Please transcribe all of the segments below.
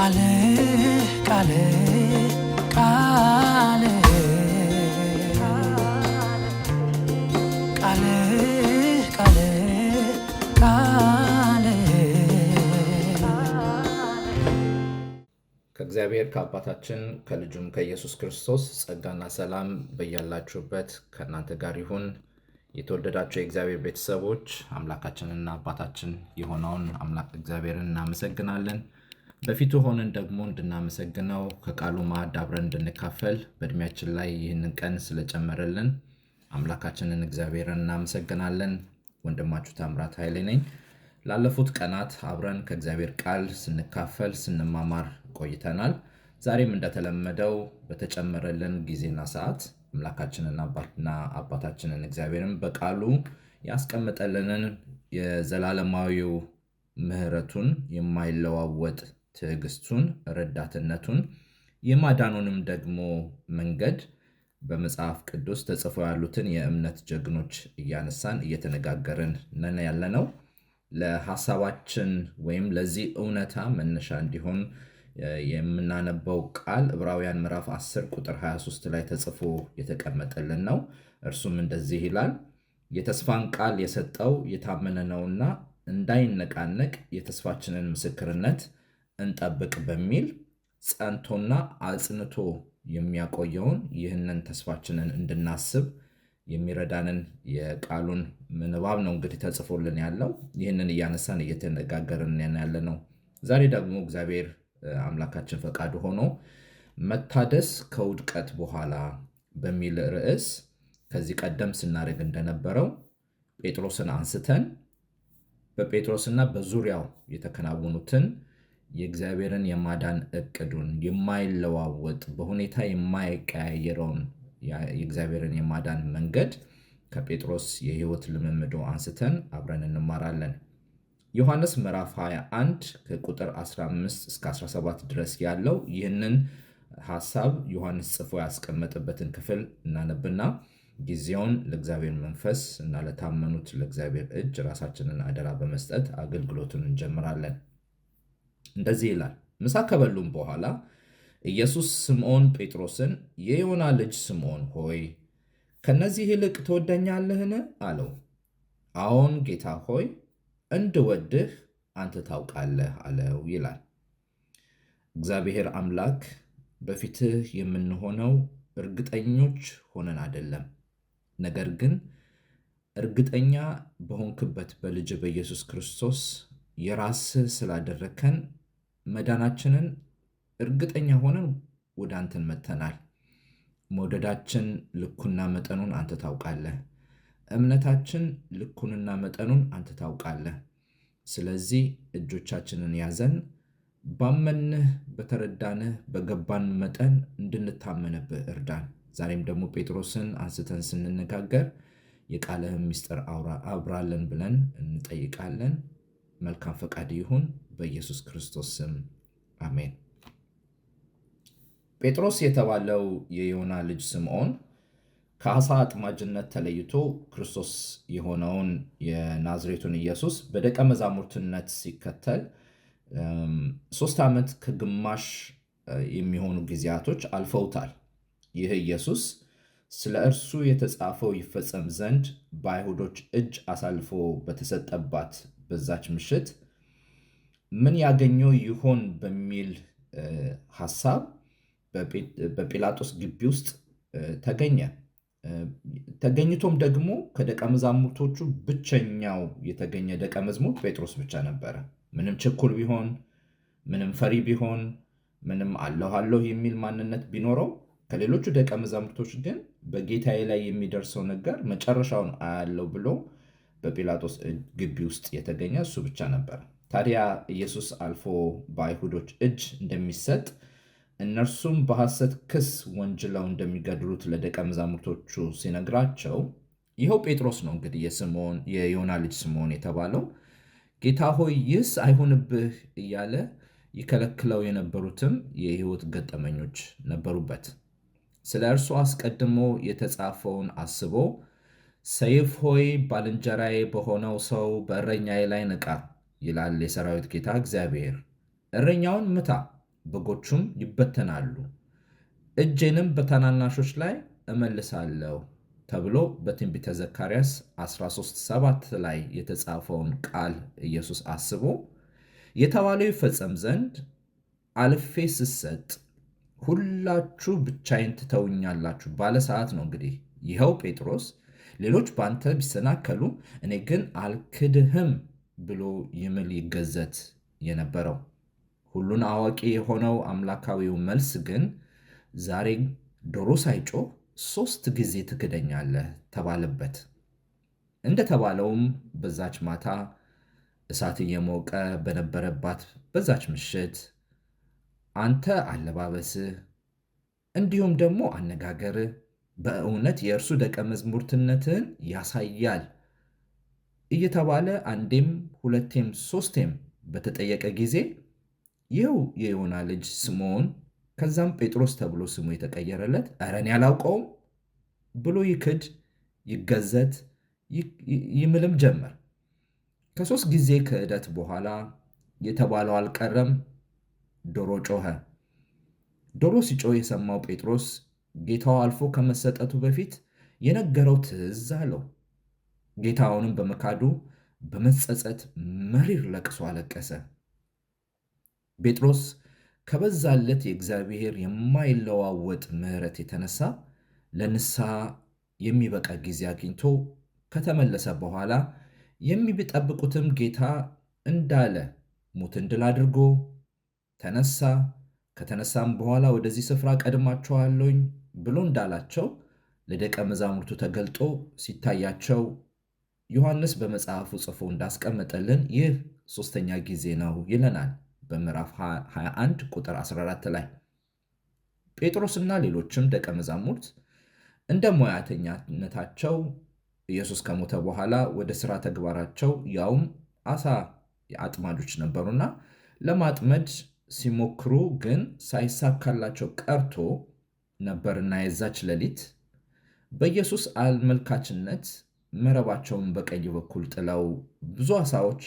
ቃል ከእግዚአብሔር ከአባታችን ከልጁም ከኢየሱስ ክርስቶስ ጸጋና ሰላም በያላችሁበት ከእናንተ ጋር ይሁን። የተወደዳቸው የእግዚአብሔር ቤተሰቦች አምላካችንና አባታችን የሆነውን አምላክ እግዚአብሔርን እናመሰግናለን። በፊቱ ሆነን ደግሞ እንድናመሰግነው ከቃሉ ማዕድ አብረን እንድንካፈል በእድሜያችን ላይ ይህንን ቀን ስለጨመረልን አምላካችንን እግዚአብሔርን እናመሰግናለን። ወንድማችሁ ታምራት ኃይሌ ነኝ። ላለፉት ቀናት አብረን ከእግዚአብሔር ቃል ስንካፈል ስንማማር ቆይተናል። ዛሬም እንደተለመደው በተጨመረልን ጊዜና ሰዓት አምላካችንን አባትና አባታችንን እግዚአብሔርን በቃሉ ያስቀመጠልንን የዘላለማዊው ምሕረቱን የማይለዋወጥ ትዕግስቱን፣ ረዳትነቱን የማዳኑንም ደግሞ መንገድ በመጽሐፍ ቅዱስ ተጽፎ ያሉትን የእምነት ጀግኖች እያነሳን እየተነጋገርን ነን ያለነው። ለሀሳባችን ወይም ለዚህ እውነታ መነሻ እንዲሆን የምናነበው ቃል ዕብራውያን ምዕራፍ 10 ቁጥር 23 ላይ ተጽፎ የተቀመጠልን ነው። እርሱም እንደዚህ ይላል፣ የተስፋን ቃል የሰጠው የታመነ ነውና እንዳይነቃነቅ የተስፋችንን ምስክርነት እንጠብቅ በሚል ጸንቶና አጽንቶ የሚያቆየውን ይህንን ተስፋችንን እንድናስብ የሚረዳንን የቃሉን ምንባብ ነው እንግዲህ ተጽፎልን ያለው። ይህንን እያነሳን እየተነጋገርን ያለ ነው። ዛሬ ደግሞ እግዚአብሔር አምላካችን ፈቃዱ ሆኖ መታደስ ከውድቀት በኋላ በሚል ርዕስ ከዚህ ቀደም ስናደርግ እንደነበረው ጴጥሮስን አንስተን በጴጥሮስና በዙሪያው የተከናወኑትን የእግዚአብሔርን የማዳን እቅዱን የማይለዋወጥ በሁኔታ የማይቀያየረውን የእግዚአብሔርን የማዳን መንገድ ከጴጥሮስ የህይወት ልምምዶ አንስተን አብረን እንማራለን። ዮሐንስ ምዕራፍ 21 ከቁጥር 15 እስከ 17 ድረስ ያለው ይህንን ሐሳብ ዮሐንስ ጽፎ ያስቀመጠበትን ክፍል እናነብና ጊዜውን ለእግዚአብሔር መንፈስ እና ለታመኑት ለእግዚአብሔር እጅ ራሳችንን አደራ በመስጠት አገልግሎቱን እንጀምራለን። እንደዚህ ይላል። ምሳ ከበሉም በኋላ ኢየሱስ ስምዖን ጴጥሮስን የዮና ልጅ ስምዖን ሆይ ከነዚህ ይልቅ ትወደኛለህን? አለው። አዎን ጌታ ሆይ እንድወድህ አንተ ታውቃለህ አለው ይላል። እግዚአብሔር አምላክ በፊትህ የምንሆነው እርግጠኞች ሆነን አይደለም። ነገር ግን እርግጠኛ በሆንክበት በልጅ በኢየሱስ ክርስቶስ የራስህ ስላደረከን መዳናችንን እርግጠኛ ሆነን ወደ አንተን መጥተናል። መውደዳችን ልኩና መጠኑን አንተ ታውቃለህ። እምነታችን ልኩንና መጠኑን አንተ ታውቃለህ። ስለዚህ እጆቻችንን ያዘን፣ ባመንህ፣ በተረዳንህ፣ በገባን መጠን እንድንታመንብህ እርዳን። ዛሬም ደግሞ ጴጥሮስን አንስተን ስንነጋገር የቃለህን ምስጢር አብራለን ብለን እንጠይቃለን። መልካም ፈቃድ ይሁን። በኢየሱስ ክርስቶስ ስም አሜን። ጴጥሮስ የተባለው የዮና ልጅ ስምዖን ከአሳ አጥማጅነት ተለይቶ ክርስቶስ የሆነውን የናዝሬቱን ኢየሱስ በደቀ መዛሙርትነት ሲከተል ሶስት ዓመት ከግማሽ የሚሆኑ ጊዜያቶች አልፈውታል። ይህ ኢየሱስ ስለ እርሱ የተጻፈው ይፈጸም ዘንድ በአይሁዶች እጅ አሳልፎ በተሰጠባት በዛች ምሽት ምን ያገኘው ይሆን በሚል ሀሳብ በጲላጦስ ግቢ ውስጥ ተገኘ። ተገኝቶም ደግሞ ከደቀ መዛሙርቶቹ ብቸኛው የተገኘ ደቀ መዝሙር ጴጥሮስ ብቻ ነበረ። ምንም ችኩል ቢሆን፣ ምንም ፈሪ ቢሆን፣ ምንም አለሁ አለሁ የሚል ማንነት ቢኖረው ከሌሎቹ ደቀ መዛሙርቶች ግን በጌታዬ ላይ የሚደርሰው ነገር መጨረሻውን አያለው ብሎ በጲላጦስ ግቢ ውስጥ የተገኘ እሱ ብቻ ነበር። ታዲያ ኢየሱስ አልፎ በአይሁዶች እጅ እንደሚሰጥ እነርሱም በሐሰት ክስ ወንጅለው እንደሚገድሉት ለደቀ መዛሙርቶቹ ሲነግራቸው ይኸው ጴጥሮስ ነው እንግዲህ የስምዖን የዮና ልጅ ስምዖን የተባለው ጌታ ሆይ ይህስ አይሁንብህ እያለ ይከለክለው የነበሩትም የሕይወት ገጠመኞች ነበሩበት። ስለ እርሱ አስቀድሞ የተጻፈውን አስቦ ሰይፍ ሆይ ባልንጀራዬ በሆነው ሰው በእረኛዬ ላይ ንቃ፣ ይላል የሰራዊት ጌታ እግዚአብሔር። እረኛውን ምታ፣ በጎቹም ይበተናሉ፣ እጄንም በታናናሾች ላይ እመልሳለሁ ተብሎ በትንቢተ ዘካርያስ 13፥7 ላይ የተጻፈውን ቃል ኢየሱስ አስቦ የተባለው ይፈጸም ዘንድ አልፌ ስሰጥ ሁላችሁ ብቻዬን ትተውኛላችሁ ባለ ሰዓት ነው። እንግዲህ ይኸው ጴጥሮስ ሌሎች በአንተ ቢሰናከሉ እኔ ግን አልክድህም ብሎ ይምል ይገዘት የነበረው ሁሉን አዋቂ የሆነው አምላካዊው መልስ ግን ዛሬ ዶሮ ሳይጮህ ሶስት ጊዜ ትክደኛለህ ተባለበት። እንደተባለውም በዛች ማታ እሳት እየሞቀ በነበረባት በዛች ምሽት አንተ አለባበስህ እንዲሁም ደግሞ አነጋገርህ በእውነት የእርሱ ደቀ መዝሙርትነትን ያሳያል እየተባለ አንዴም ሁለቴም ሶስቴም በተጠየቀ ጊዜ ይኸው የዮና ልጅ ስምዖን ከዛም ጴጥሮስ ተብሎ ስሙ የተቀየረለት እረን ያላውቀውም ብሎ ይክድ፣ ይገዘት፣ ይምልም ጀመር። ከሶስት ጊዜ ክህደት በኋላ የተባለው አልቀረም፣ ዶሮ ጮኸ። ዶሮ ሲጮህ የሰማው ጴጥሮስ ጌታው አልፎ ከመሰጠቱ በፊት የነገረው ትዝ አለው። ጌታውንም በመካዱ በመጸጸት መሪር ለቅሶ አለቀሰ። ጴጥሮስ ከበዛለት የእግዚአብሔር የማይለዋወጥ ምሕረት የተነሳ ለንስሐ የሚበቃ ጊዜ አግኝቶ ከተመለሰ በኋላ የሚጠብቁትም ጌታ እንዳለ ሙት ድል አድርጎ ተነሳ። ከተነሳም በኋላ ወደዚህ ስፍራ ቀድማችኋለሁኝ ብሎ እንዳላቸው ለደቀ መዛሙርቱ ተገልጦ ሲታያቸው ዮሐንስ በመጽሐፉ ጽፎ እንዳስቀመጠልን ይህ ሦስተኛ ጊዜ ነው ይለናል በምዕራፍ 21 ቁጥር 14 ላይ። ጴጥሮስና ሌሎችም ደቀ መዛሙርት እንደ ሙያተኛነታቸው ኢየሱስ ከሞተ በኋላ ወደ ሥራ ተግባራቸው ያውም አሳ አጥማጆች ነበሩና ለማጥመድ ሲሞክሩ ግን ሳይሳካላቸው ቀርቶ ነበርና የዛች ሌሊት በኢየሱስ አመልካችነት መረባቸውን በቀኝ በኩል ጥለው ብዙ አሳዎች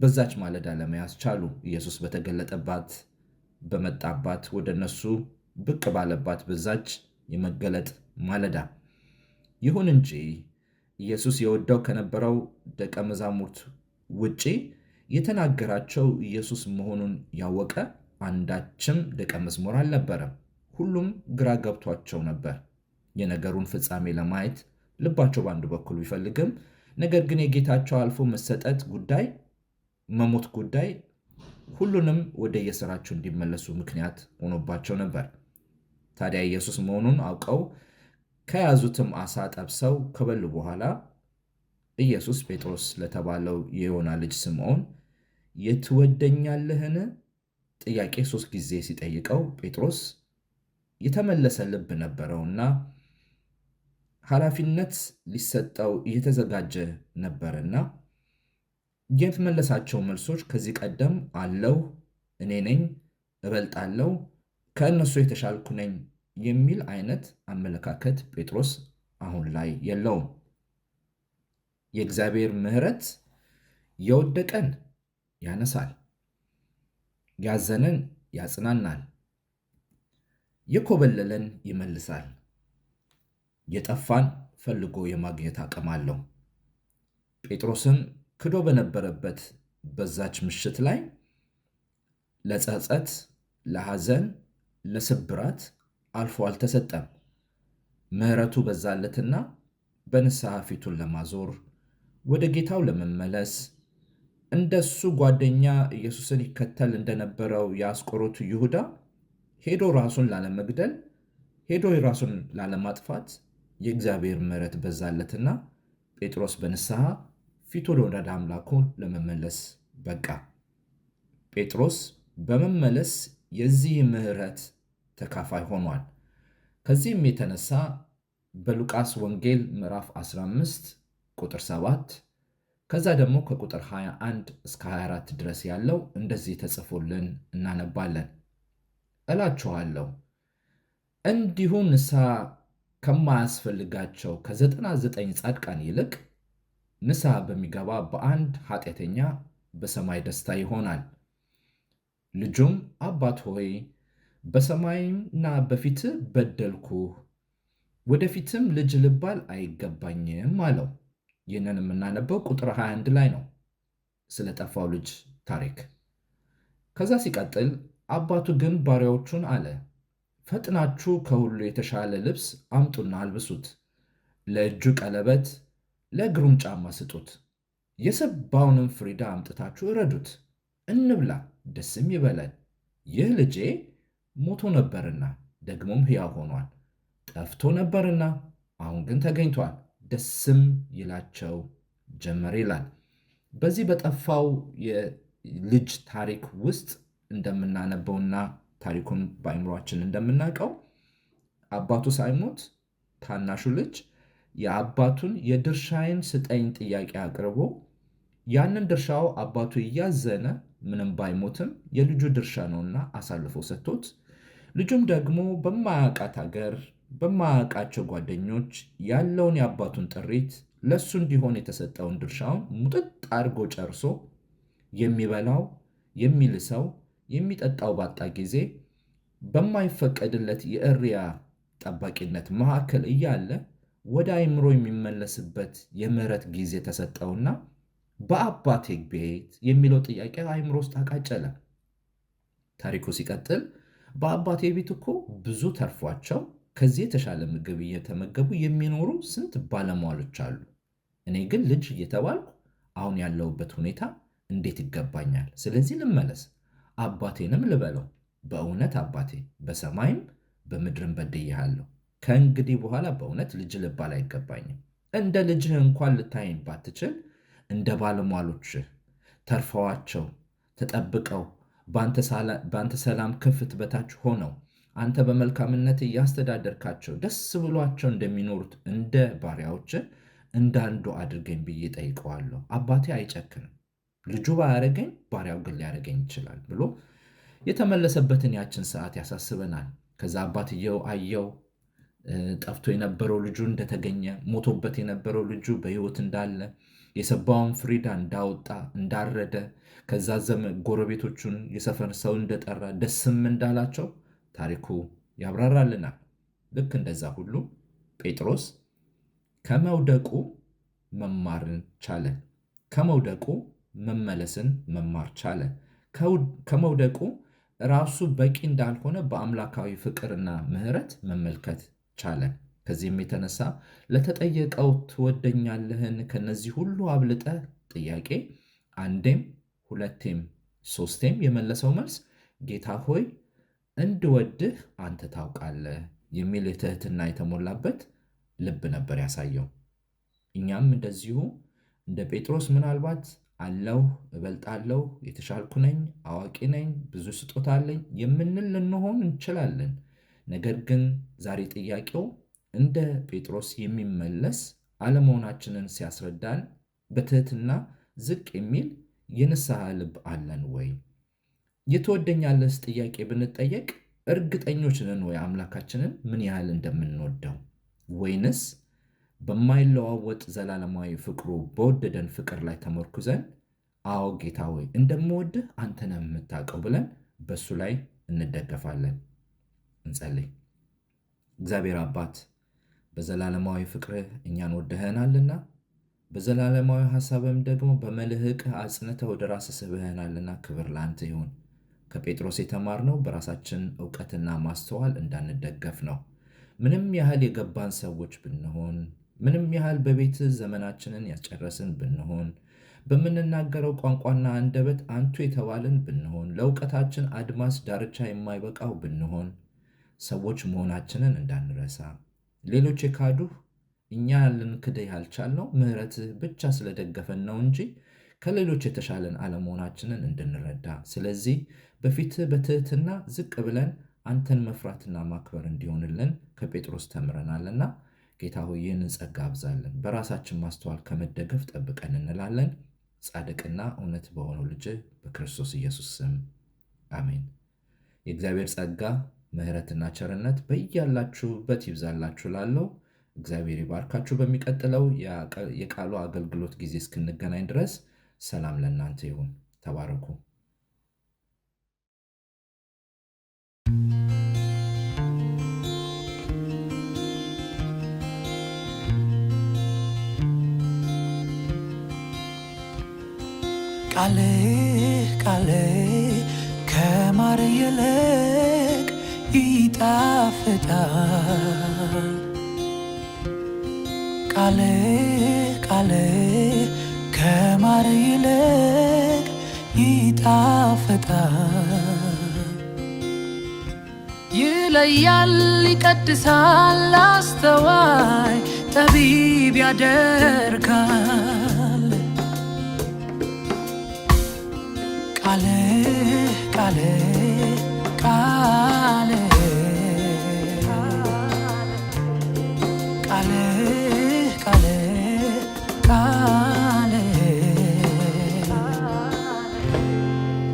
በዛች ማለዳ ለመያዝ ቻሉ። ኢየሱስ በተገለጠባት በመጣባት ወደ እነሱ ብቅ ባለባት በዛች የመገለጥ ማለዳ። ይሁን እንጂ ኢየሱስ የወደው ከነበረው ደቀ መዛሙርት ውጪ የተናገራቸው ኢየሱስ መሆኑን ያወቀ አንዳችም ደቀ መዝሙር አልነበረም። ሁሉም ግራ ገብቷቸው ነበር። የነገሩን ፍጻሜ ለማየት ልባቸው በአንድ በኩል ቢፈልግም፣ ነገር ግን የጌታቸው አልፎ መሰጠት ጉዳይ፣ መሞት ጉዳይ ሁሉንም ወደ የሥራቸው እንዲመለሱ ምክንያት ሆኖባቸው ነበር። ታዲያ ኢየሱስ መሆኑን አውቀው ከያዙትም አሳ ጠብሰው ከበሉ በኋላ ኢየሱስ ጴጥሮስ ለተባለው የዮና ልጅ ስምዖን የትወደኛለህን ጥያቄ ሶስት ጊዜ ሲጠይቀው ጴጥሮስ የተመለሰ ልብ ነበረውና ኃላፊነት ሊሰጠው እየተዘጋጀ ነበርና የተመለሳቸው መልሶች ከዚህ ቀደም አለው፣ እኔ ነኝ፣ እበልጣለው፣ ከእነሱ የተሻልኩ ነኝ የሚል አይነት አመለካከት ጴጥሮስ አሁን ላይ የለውም። የእግዚአብሔር ምሕረት የወደቀን ያነሳል፣ ያዘነን ያጽናናል፣ የኮበለለን ይመልሳል። የጠፋን ፈልጎ የማግኘት አቅም አለው። ጴጥሮስም ክዶ በነበረበት በዛች ምሽት ላይ ለጸጸት፣ ለሐዘን፣ ለስብራት አልፎ አልተሰጠም። ምሕረቱ በዛለትና በንስሐ ፊቱን ለማዞር ወደ ጌታው ለመመለስ እንደሱ ጓደኛ ኢየሱስን ይከተል እንደነበረው የአስቆሮቱ ይሁዳ ሄዶ ራሱን ላለመግደል ሄዶ ራሱን ላለማጥፋት የእግዚአብሔር ምሕረት በዛለትና ጴጥሮስ በንስሐ ፊቱ ወደ አምላኩን ለመመለስ በቃ። ጴጥሮስ በመመለስ የዚህ ምሕረት ተካፋይ ሆኗል። ከዚህም የተነሳ በሉቃስ ወንጌል ምዕራፍ 15 ቁጥር 7 ከዛ ደግሞ ከቁጥር 21 እስከ 24 ድረስ ያለው እንደዚህ ተጽፎልን እናነባለን። እላችኋለሁ እንዲሁ ንስሐ ከማያስፈልጋቸው ከ99 ጻድቃን ይልቅ ንስሐ በሚገባ በአንድ ኃጢአተኛ በሰማይ ደስታ ይሆናል። ልጁም አባት ሆይ በሰማይና በፊት በደልኩህ፣ ወደፊትም ልጅ ልባል አይገባኝም አለው። ይህንን የምናነበው ቁጥር 21 ላይ ነው፣ ስለ ጠፋው ልጅ ታሪክ። ከዛ ሲቀጥል አባቱ ግን ባሪያዎቹን አለ፣ ፈጥናችሁ ከሁሉ የተሻለ ልብስ አምጡና አልብሱት፣ ለእጁ ቀለበት፣ ለእግሩም ጫማ ስጡት፣ የሰባውንም ፍሪዳ አምጥታችሁ እረዱት፣ እንብላ፣ ደስም ይበለን። ይህ ልጄ ሞቶ ነበርና ደግሞም ሕያው ሆኗል፣ ጠፍቶ ነበርና አሁን ግን ተገኝቷል ደስም ይላቸው ጀመር ይላል። በዚህ በጠፋው የልጅ ታሪክ ውስጥ እንደምናነበውና ታሪኩን በአይምሯችን እንደምናውቀው አባቱ ሳይሞት ታናሹ ልጅ የአባቱን የድርሻዬን ስጠኝ ጥያቄ አቅርቦ ያንን ድርሻው አባቱ እያዘነ ምንም ባይሞትም የልጁ ድርሻ ነውና አሳልፎ ሰጥቶት ልጁም ደግሞ በማያውቃት ሀገር በማያውቃቸው ጓደኞች ያለውን የአባቱን ጥሪት ለእሱ እንዲሆን የተሰጠውን ድርሻውን ሙጥጥ አድርጎ ጨርሶ የሚበላው የሚልሰው የሚጠጣው ባጣ ጊዜ በማይፈቀድለት የእሪያ ጠባቂነት መካከል እያለ ወደ አይምሮ የሚመለስበት የምህረት ጊዜ ተሰጠውና በአባቴ ቤት የሚለው ጥያቄ አይምሮ ውስጥ አቃጨለ። ታሪኩ ሲቀጥል በአባቴ ቤት እኮ ብዙ ተርፏቸው ከዚህ የተሻለ ምግብ እየተመገቡ የሚኖሩ ስንት ባለሟሎች አሉ። እኔ ግን ልጅ እየተባልኩ አሁን ያለውበት ሁኔታ እንዴት ይገባኛል? ስለዚህ ልመለስ፣ አባቴንም ልበለው፣ በእውነት አባቴ በሰማይም በምድርም በድዬሃለሁ። ከእንግዲህ በኋላ በእውነት ልጅ ልባል አይገባኝም። እንደ ልጅህ እንኳን ልታይን ባትችል፣ እንደ ባለሟሎችህ ተርፈዋቸው ተጠብቀው በአንተ ሰላም ክፍት በታች ሆነው አንተ በመልካምነት እያስተዳደርካቸው ደስ ብሏቸው እንደሚኖሩት እንደ ባሪያዎች እንዳንዱ አድርገኝ ብዬ ጠይቀዋለሁ። አባቴ አይጨክንም። ልጁ ባያረገኝ ባሪያው ግን ሊያረገኝ ይችላል ብሎ የተመለሰበትን ያችን ሰዓት ያሳስበናል። ከዛ አባትየው አየው ጠፍቶ የነበረው ልጁ እንደተገኘ፣ ሞቶበት የነበረው ልጁ በሕይወት እንዳለ፣ የሰባውን ፍሪዳ እንዳወጣ እንዳረደ፣ ከዛ ዘመድ ጎረቤቶቹን የሰፈር ሰው እንደጠራ ደስም እንዳላቸው ታሪኩ ያብራራልናል። ልክ እንደዛ ሁሉ ጴጥሮስ ከመውደቁ መማርን ቻለ። ከመውደቁ መመለስን መማር ቻለ። ከመውደቁ ራሱ በቂ እንዳልሆነ በአምላካዊ ፍቅርና ምሕረት መመልከት ቻለ። ከዚህም የተነሳ ለተጠየቀው ትወደኛለህን ከነዚህ ሁሉ አብልጠ ጥያቄ አንዴም ሁለቴም ሶስቴም የመለሰው መልስ ጌታ ሆይ እንድወድህ አንተ ታውቃለህ የሚል ትህትና የተሞላበት ልብ ነበር ያሳየው። እኛም እንደዚሁ እንደ ጴጥሮስ ምናልባት አለው እበልጣለሁ፣ የተሻልኩ ነኝ፣ አዋቂ ነኝ፣ ብዙ ስጦታ አለኝ የምንል ልንሆን እንችላለን። ነገር ግን ዛሬ ጥያቄው እንደ ጴጥሮስ የሚመለስ አለመሆናችንን ሲያስረዳን በትህትና ዝቅ የሚል የንስሐ ልብ አለን ወይ? የተወደኛለስ ጥያቄ ብንጠየቅ እርግጠኞች ነን ወይ አምላካችንን ምን ያህል እንደምንወደው ወይንስ በማይለዋወጥ ዘላለማዊ ፍቅሩ በወደደን ፍቅር ላይ ተመርኩዘን አዎ ጌታ ወይ እንደምወድህ አንተ ነህ የምታውቀው ብለን በእሱ ላይ እንደገፋለን። እንጸልይ። እግዚአብሔር አባት በዘላለማዊ ፍቅርህ እኛን ወደህናልና በዘላለማዊ ሐሳብም ደግሞ በመልህቅህ አጽንተህ ወደ ራስህ ስብህናልና ክብር ለአንተ ይሁን። ከጴጥሮስ የተማርነው በራሳችን እውቀትና ማስተዋል እንዳንደገፍ ነው። ምንም ያህል የገባን ሰዎች ብንሆን፣ ምንም ያህል በቤት ዘመናችንን ያስጨረስን ብንሆን፣ በምንናገረው ቋንቋና አንደበት አንቱ የተባልን ብንሆን፣ ለእውቀታችን አድማስ ዳርቻ የማይበቃው ብንሆን፣ ሰዎች መሆናችንን እንዳንረሳ ሌሎች የካዱህ እኛ ልንክድህ ያልቻልነው ምሕረትህ ብቻ ስለደገፈን ነው እንጂ ከሌሎች የተሻለን አለመሆናችንን እንድንረዳ። ስለዚህ በፊት በትህትና ዝቅ ብለን አንተን መፍራትና ማክበር እንዲሆንልን ከጴጥሮስ ተምረናልና ጌታ ሆይ ይህንን ጸጋ አብዛለን፣ በራሳችን ማስተዋል ከመደገፍ ጠብቀን እንላለን። ጻድቅና እውነት በሆነው ልጅ በክርስቶስ ኢየሱስ ስም አሜን። የእግዚአብሔር ጸጋ ምሕረትና ቸርነት በያላችሁበት ይብዛላችሁ ላለው እግዚአብሔር ይባርካችሁ። በሚቀጥለው የቃሉ አገልግሎት ጊዜ እስክንገናኝ ድረስ ሰላም ለእናንተ ይሁን። ተባረኩ። ቃሌ ቃሌ ከማር ይልቅ ይጣፍጣል። ቃሌ ቃሌ ከማር ይልቅ ይጣፍጣል፣ ይለያል፣ ይቀድሳል፣ አስተዋይ ጠቢብ ያደርጋል። ቃልህ ቃልህ